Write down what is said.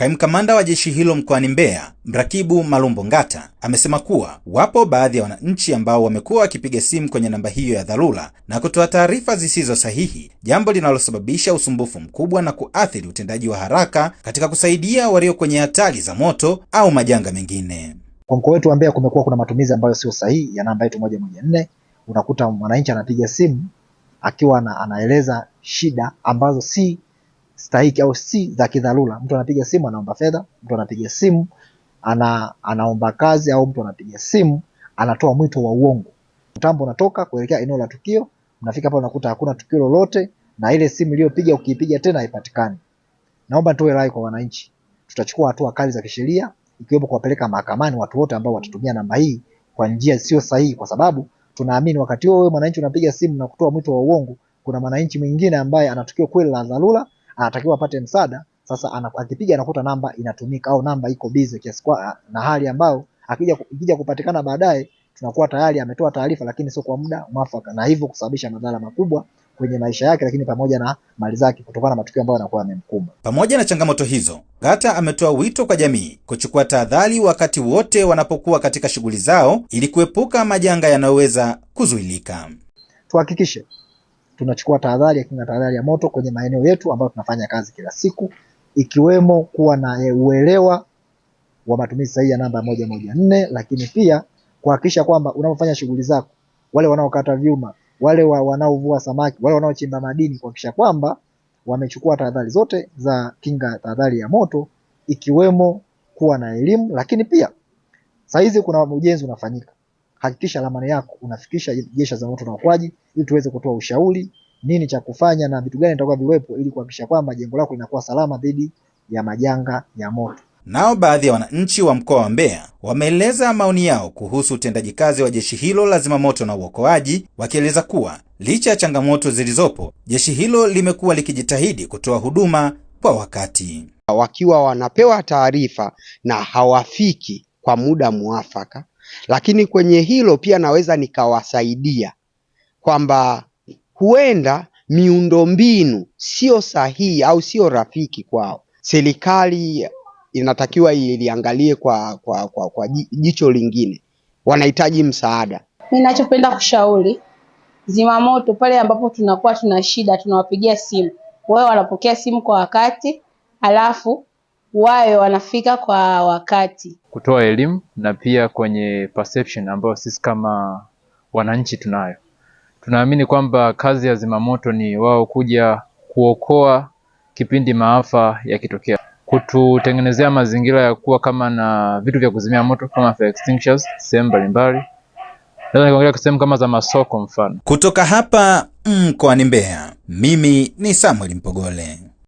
Kaimu kamanda wa jeshi hilo mkoani Mbeya, Mrakibu Malumbo Ngata, amesema kuwa wapo baadhi ya wananchi ambao wamekuwa wakipiga simu kwenye namba hiyo ya dharura na kutoa taarifa zisizo sahihi, jambo linalosababisha usumbufu mkubwa na kuathiri utendaji wa haraka katika kusaidia walio kwenye hatari za moto au majanga mengine. Kwa mkoa wetu wa Mbeya kumekuwa kuna matumizi ambayo sio sahihi ya namba yetu moja moja nne. Unakuta mwananchi anapiga simu akiwa na, anaeleza shida ambazo si stahiki au si za kidharura. Mtu anapiga simu anaomba fedha, mtu anapiga simu ana, anaomba kazi, au mtu anapiga simu anatoa mwito wa uongo. Mtambo unatoka kuelekea eneo la tukio, mnafika hapo unakuta hakuna tukio lolote, na ile simu iliyopiga ukiipiga tena haipatikani. Naomba nitoe rai kwa wananchi, tutachukua hatua kali za kisheria, ikiwepo kuwapeleka mahakamani watu wote ambao watatumia namba hii kwa njia isiyo sahihi, kwa sababu tunaamini wakati huo wewe mwananchi unapiga simu na kutoa mwito wa uongo, kuna mwananchi mwingine ambaye ana kweli la dharura anatakiwa apate msaada. Sasa akipiga anakuta namba inatumika au namba iko busy kiasi kwa, na hali ambayo akija ikija kupatikana baadaye tunakuwa tayari ametoa taarifa, lakini sio kwa muda mwafaka, na hivyo kusababisha madhara makubwa kwenye maisha yake, lakini pamoja na mali zake, kutokana na matukio ambayo yanakuwa yamemkumba. Pamoja na changamoto hizo, gata ametoa wito kwa jamii kuchukua tahadhari wakati wote wanapokuwa katika shughuli zao ili kuepuka majanga yanayoweza kuzuilika. Tuhakikishe tunachukua tahadhari ya kinga, tahadhari ya moto kwenye maeneo yetu ambayo tunafanya kazi kila siku, ikiwemo kuwa na eh, uelewa wa matumizi sahihi ya namba moja moja nne, lakini pia kuhakikisha kwamba unapofanya shughuli zako, wale wanaokata vyuma, wale wanaovua samaki, wale wanaochimba madini, kuhakikisha kwamba wamechukua tahadhari zote za kinga, tahadhari ya moto, ikiwemo kuwa na elimu, lakini pia saizi kuna ujenzi unafanyika hakikisha ramani yako unafikisha jeshi la zimamoto na uokoaji, ili tuweze kutoa ushauri nini cha kufanya na vitu gani vitakuwa viwepo, ili kuhakikisha kwamba jengo lako linakuwa salama dhidi ya majanga ya moto. Nao baadhi ya wananchi wa mkoa wa Mbeya wameeleza maoni yao kuhusu utendaji kazi wa jeshi hilo la zimamoto na uokoaji, wakieleza kuwa licha ya changamoto zilizopo, jeshi hilo limekuwa likijitahidi kutoa huduma kwa wakati. Wakiwa wanapewa taarifa na hawafiki kwa muda muafaka, lakini kwenye hilo pia naweza nikawasaidia kwamba huenda miundombinu sio sahihi au sio rafiki kwao. Serikali inatakiwa iliangalie kwa, kwa, kwa, kwa jicho lingine, wanahitaji msaada. Ninachopenda kushauri zimamoto, pale ambapo tunakuwa tuna shida, tunawapigia simu, wao wanapokea simu kwa wakati, alafu wawe wanafika kwa wakati kutoa elimu na pia kwenye perception ambayo sisi kama wananchi tunayo. Tunaamini kwamba kazi ya zimamoto ni wao kuja kuokoa kipindi maafa yakitokea, kututengenezea mazingira ya kuwa kama na vitu vya kuzimia moto kama fire extinguishers sehemu mbalimbali, naweza nikaongelea sehemu kama za masoko mfano. Kutoka hapa mkoani Mbeya, mimi ni Samuel Mpogole.